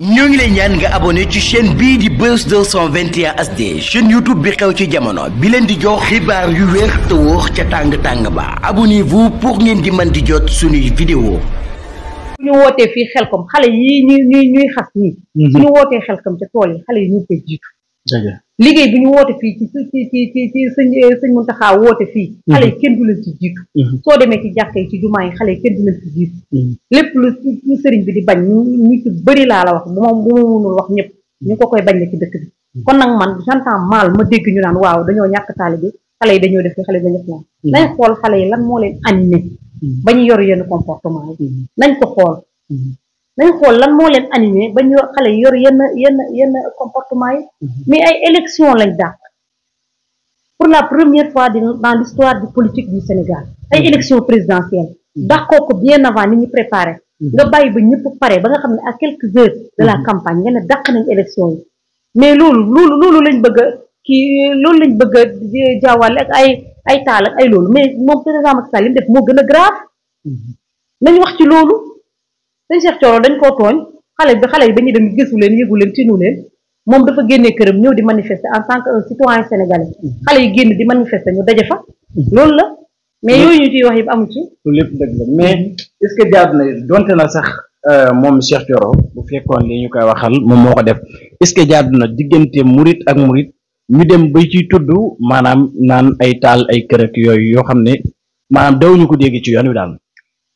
ñoo ngi leen ñaan nga abonné ci chaîne bii di Buzz 221 HD chaîne YouTube bi xew ci jamono bi leen di jox xibaar yu weex te wóor ca tàng tàng ba abonnez-vous pour ngeen di mën di jot suñuy vidéo suñu wootee fii kom xale yi ñuy ñuy ñuy xas nii mhm. suñu wootee xelkom ca tool yi xale yi ñu koy jiitu liggéey bi ñu woote fii ci ci ci ci ci sëñ eh, sëñ Muntaxa woote fii mhm. xale yi kenn du ci mhm. demee ci jàkka yi ci jumaa yi xale yi kenn du leen ci jiitu mhm. lépp lu sëriñ bi di bañ ñu ci bëri laa la wax bu ma bu wax ñëpp ñu ko koy bañ la ci dëkk bi kon nag man j'entends mal ma dégg ñu naan waaw dañoo ñàkk taalibe xale yi dañoo def xale yi dañoo def naan nañ xool xale yi lan moo leen animé ba ñu yor yenn comportement yi nañ ko xool nañ xool lan moo leen animé ba ñu xale yor yenn yenn yenn comportement yi mhm. mais ay élection lañ dàq pour la première fois dans l'histoire du politique du Sénégal ay mhm. élection présidentielle mhm. dàqoo ko bien avant ni ñu préparé nga bàyyi ba ñëpp pare ba nga xam ne ak quelques heures de la campagne nga ne dàq nañ élection yi mais loolu loolu loolu lañ bëgg kii loolu lañ bëgg a ay ay taal ay loolu mais moom président Macky Sall def moo gën a grave nañ sëñ Cheikh Thioro dañ koo tooñ xale bi xale yi dañuy dem gisu leen yëgu leen tinu leen moom dafa génnee këram ñëw di manifester en tant que un citoyen sénégalais xale yi génn di manifester ñu daje fa loolu la mais yooyu ñu ciy wax yëpp amu ci loolu lépp dëgg la mais est-ce na donte na sax euh, moom Cheikh Thioro bu fekkoon li ñu koy waxal moom moo ko def est-ce que jaar na diggante murit ak murit ñu dem ba ci tudd maanaam naan ay taal ay kër yooyu yoo xam ne maanaam dawuñu ko dégg ci yoon wi daal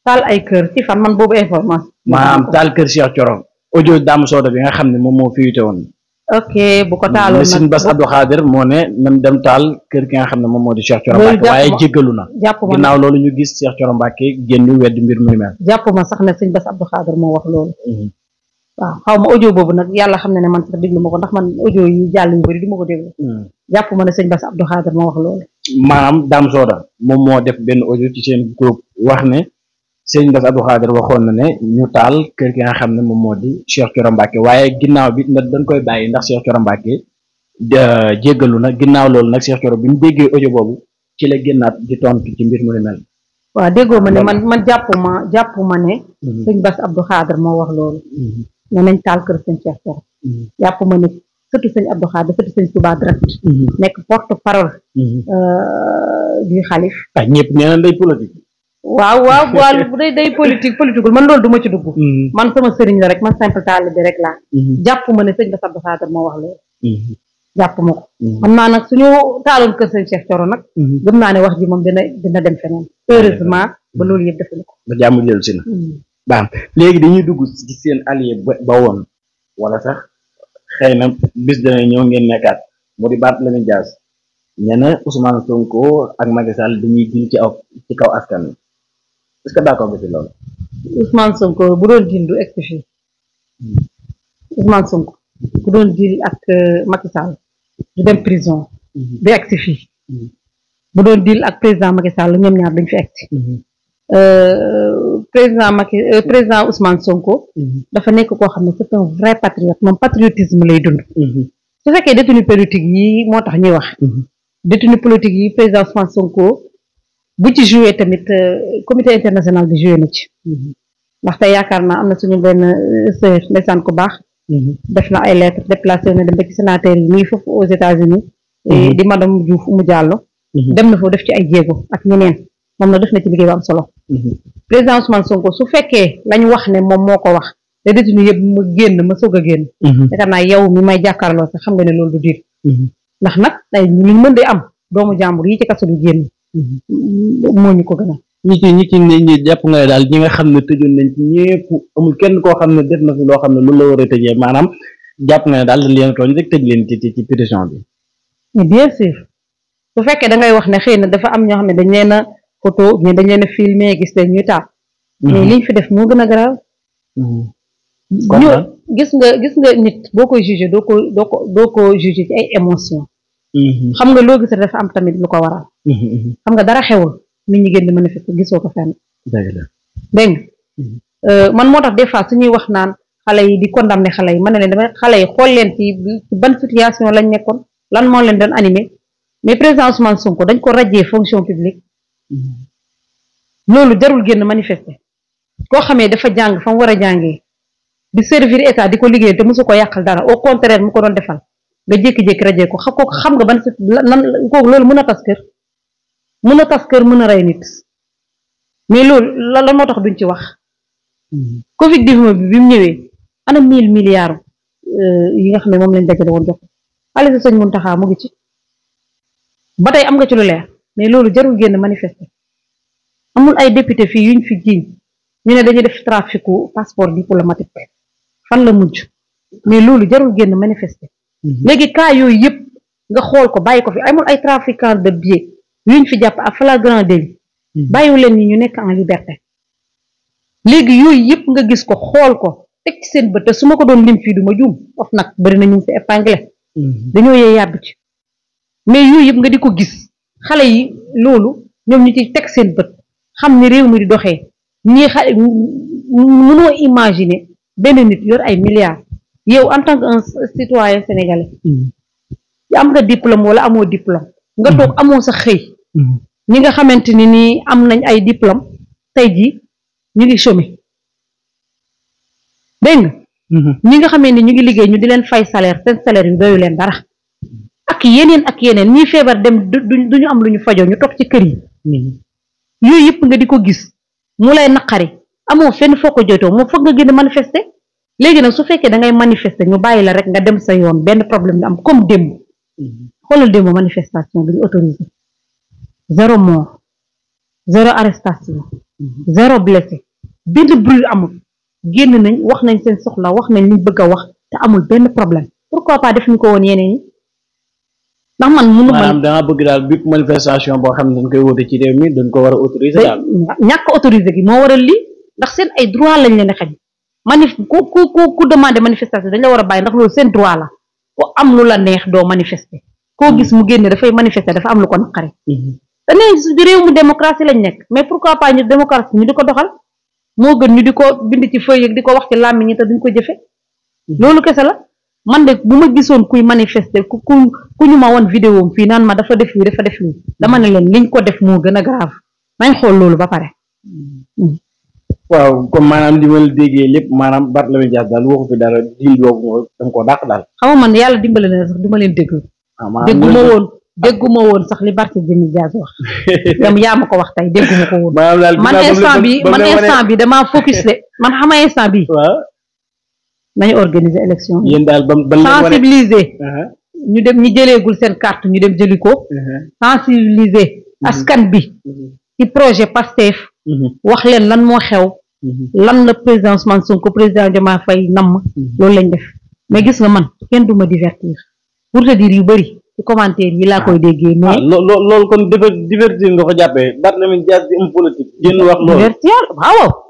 tal ay keur ci fan man bobu information. maanaam tal keur Cheikh Thioro. audio dam Soda bi nga xamne mom mo fiyete won ok bu ko taaloon nag Sëñ Bass Abdou khader mo mhm. ne nam dem tal keur ki nga xamne mom modi Cheikh Thioro Mbacke waaye jéggalu na ginnaaw ñu gis Cheikh Thioro Mbacke gennu wedd mbir muy mel jappuma sax ne Sëñ Bass Abdou khader mo wax lolu waaw xawma audio bobu nak yalla xamne ne man sax deglu mako ndax man audio yi jàll yu bari di mako deglu mhm. jappuma ne Sëñ Bass Abdou khader mo wax lolu maanaam dam Soda mom mo def ben audio ci seen groupe wax ne sëñ Bass Abdou Khadir waxon na ne ñu taal keur gi nga xamne mom modi Cheikh kiram bakke waye ginnaw bi nag dañ koy bayyi ndax Cheikh kiram bakke jéggalu na ginnaaw loolu nag Cheikh kiram bi mu déggé audio bobu ci la gennat di tontu ci mbir mu ne mel. wa déggo ma ne man man jappuma jappuma ne. Mhm. sëñ Bass Abdou Khadir mo wax lool mhm. ne nañ taal keur sëñ Cheikh kiram mhm. jappuma ne surtout sëñ Abdou Khadir surtout sëñ Touba direct. nek porte parole. euh di khalif ah, ñepp nee lay politique. waaw waaw boole bu dee day politique politique man loolu du ma ci dugg. Mm-hmm. man sama sëriñ la rek man simple taal di rek laa. Mm-hmm. jàpp ma ne sëñ Bass Abdou Khadre moo wax loolu. Mm-hmm. jàpp ma ko. xam naa nag suñu taaloon kër sëñ nag. gëm naa ne wax ji moom dina dina dem feneen heureusement ba loolu yëpp defuñu ko. ba jàmm dellu si na. baax léegi dañuy dugg ci seen allié ba woon wala sax xëy na bis dana ñëw ngeen nekkaat mu di Barthélémy Dias ñu ne Ousmane Sonko ak Macky Sall dañuy dund ci aw ci kaw askan wi. est Sonko bu doon diil du ak euh, Macky Sall du dem mhm. mhm. ak président Macky Sall ñoom ñaar dañ fi mhm. euh, euh, Sonko dafa nekk koo xam ne c'est un vrai patriote moom patriotisme lay dund su fekkee détenu politique yi moo tax ñuy wax détenu politique yi président Ousmane Sonko bu ci joué tamit euh, comité international bi joué na ci mhm. ndaxte yaakaar na am na suñu benn euh, sœur ndeysaan ku baax mhm. def na ay lettres déplacé na dem ba ci sénateur yi nii foofu aux États-Unis mhm. di madame mu jàllo dem na foofu def ci ay jéego ak ñeneen moom na def na ci am solo président Ousmane Sonko su fekkee lañ wax ne moom moo ko wax te détenu yëpp mu génn ma soog génn génn yaakaar naa yow mi may jàkkaarloo sax xam nga ne loolu du diir ndax nag day ñu mën di am doomu jàmbur yi ci kaso du génn moo ñu ko gën a. ñi ci ñi ci ne ñi jàpp nga ne daal ñi nga xam ne tëjoon nañ ci ñëpp amul kenn koo xam ne def na fi loo xam ne lu la war a tëjee maanaam jàpp nga ne daal dañ leen tooñ rek tëj leen ci ci pétition bi. bien sûr bu fekkee da ngay wax ne xëy na dafa am ñoo ne dañ leen a photo mais dañ leen a filmé gis leen ñuy taal. Mm-hmm. mais liñ fi def moo gën a garaaw. Mm-hmm. gis nga gis nga nit boo koy jugé doo ko doo ko doo ci ay émotion Mhm. xam nga loo gis dafa am tamit lu ko waral. Mhm, mhm. xam nga dara xewul nit ñi génn manifester gisoo ko fenn. dégg nga euh, man moo tax des fois suñuy wax naan xale yi di condamné xale yi man ne leen dama xale yi xool leen ci ban situation lañ nekkoon lan moo leen doon animé mais président Ousmane Sonko dañ ko rajee fonction publique loolu jarul génn manifester koo xamee dafa jàng fa mu war a jàngee di servir état di ko liggéey te musu ko yàqal dara o contraire mu ko doon defal. nga jékki-jékki rajee ko xam kooku xam nga ban lan kooku loolu mën a tas kër mën a tas kër mën a rey nit mais loolu la lan moo tax duñ ci wax covid dix bi bi mu ñëwee ana mille milliards euh, yi nga xam ne moom lañ dajale woon jox ale sa sëñ Muntaxa mu ngi ci ba tey am nga ci lu leer mais loolu jarul génn manifester amul ay député fii ñu fi jiiñ ñu ne dañuy def traficu passeport diplomatique fan la mujj mais loolu jarul génn manifester Mhm. léegi cas yooyu yëpp nga xool ko bàyyi ko fi amul ay trafiquants de biais yuñ fi jàpp a flagrant délit mhm. bàyyiwu leen yi ñu nekk en liberté léegi yooyu yëpp nga gis ko xool ko teg ci seen bët te su ma ko doon lim fii du ma juum of nag bëri na ñu fi épinglé mhm. dañoo yee yàbb mais yooyu yëpp nga di ko gis xale yi loolu ñoom ñu ci teg seen bët xam ni réew mi di doxee ñii xale mënoo imaginer benn nit yor ay milliards yow en tant que un citoyen sénégalais hmm. am nga diplôme wala amoo diplôme nga toog hmm. amoo sa xëy hmm. ñi nga xamante ni nii am nañ ay diplôme tey ji ñu ngi chômé dégg ñi nga xamee ñu ngi liggéey ñu di leen fay salaire seen salaire yu doyu leen dara ak yeneen ak yeneen ñi feebar dem du duñu am lu ñu fajoo ñu toog ci kër yi yooyu yëpp nga di gis mu lay naqari fenn nga manifester léegi nag su fekkee dangay ngay manifester bàyyi la rek nga dem sa yoon benn problème nga am comme démb mm-hmm. xoolal démb manifestation bi ñu autorisé zéro mort zéro mm-hmm. benn bruit amul génn nañ wax nañ seen soxla wax nañ liñ bëgg a wax te amul benn problème pourquoi pas def ñu ko woon yeneen yi ndax man mënu maanaam danga bëgg daal bépp manifestation boo xam ne dañ koy woote ci réew mi dañ ko war a autorisé daal ñàkk autorisé gi moo waral li ndax seen ay droit lañ leen a xañ manif ku ku ku demande manifestation dañ la war a bàyyi ndax loolu seen droit la ku am lu la neex doo manifester koo gis mu génne dafay manifester dafa am lu ko naqari. Mhm. te nee réew mu démocratie lañ nekk mais pourquoi pas ñu démocratie ñu di ko doxal moo gën ñu di ko bind ci feuille di ko wax ci làmmiñ ñi te duñ ko jëfe mhm. loolu kese la man de bu ma gisoon kuy manifester ku ku ku ñu ma woon vidéo fii naan ma dafa def lii dafa def lii dama ne leen liñ ko def moo gën a grave nañ xool loolu ba pare. Mhm. waaw comme maanaam li ma la déggee lépp maanaam Barthélémy Dias daal waxu fi dara diil boobu mooy da nga koo dàq daal. xaw ma ne yàlla dimbale na sax du ma leen déglu. ah maanaam dégguma woon dégguma woon sax li Barthélémy Dias wax. yow yaa ma ko wax tey dégguma ko woon. maanaam daal man instant bi man instant bi damaa focus de man xam nga instant bi waaw nañu organiser élection bi. yéen daal ba ba sensibiliser. ñu dem ñu jëleegul seen carte ñu dem jëli ko. sensibiliser askan bi. ci projet PASTEF. wax leen lan moo xew. Mhm. lan la président Ousmane Sonko président Diomaye Faye namm mhm. loolu lañ def mais gis nga man kenn du ma divertir pour te dire yu bëri ci commentaire yi laa ah. koy déggee mais ah, loolu kon divertir nga ko jàppee Barthélémy Dias di am politique génn wax loolu divertir